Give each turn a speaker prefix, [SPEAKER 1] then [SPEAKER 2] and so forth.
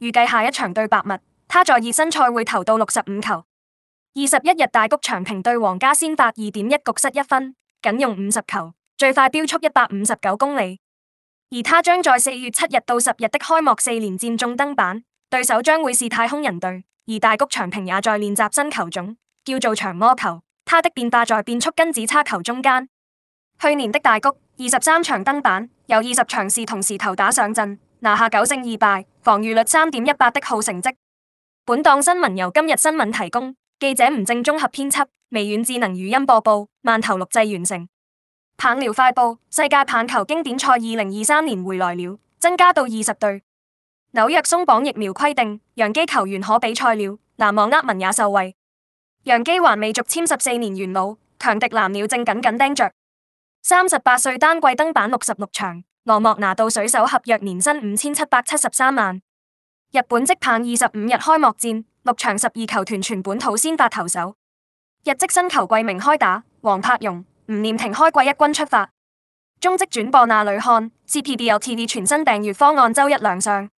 [SPEAKER 1] 預計下一場對白襪，他在熱身賽會投到六十五球。二十一日大谷翔平對皇家先發二點一局失一分，僅用五十球，最快飆速一百五十九公里。而他將在四月七日到十日的開幕四連戰中登板，對手將會是太空人隊。而大谷翔平也在練習新球種，叫做長魔球。他的變化在變速跟指叉球中間。去年的大谷二十三場登板，有二十場是同時投打上陣。拿下九勝二敗，防禦率三點一八的好成績。本檔新聞由今日新聞提供，記者吳正綜合編輯，微軟智能語音播報，慢投錄製完成。棒聊快報：世界棒球經典賽二零二三年回來了，增加到二十隊。紐約鬆綁疫苗規定，洋基球員可比賽了，籃網厄文也受惠。洋基還未續簽十四年元老，強敵藍鳥正緊緊盯着。三十八歲單季登板六十六場。羅莫拿到水手合約，年薪五千七百七十三萬。日本職棒二十五日開幕戰六場十二球團全本土先發投手。日職新球季明開打，黃柏融、吳念庭開季一軍出發。中職轉播哪裏看？CPBL TV 全新訂閱方案，週一亮相。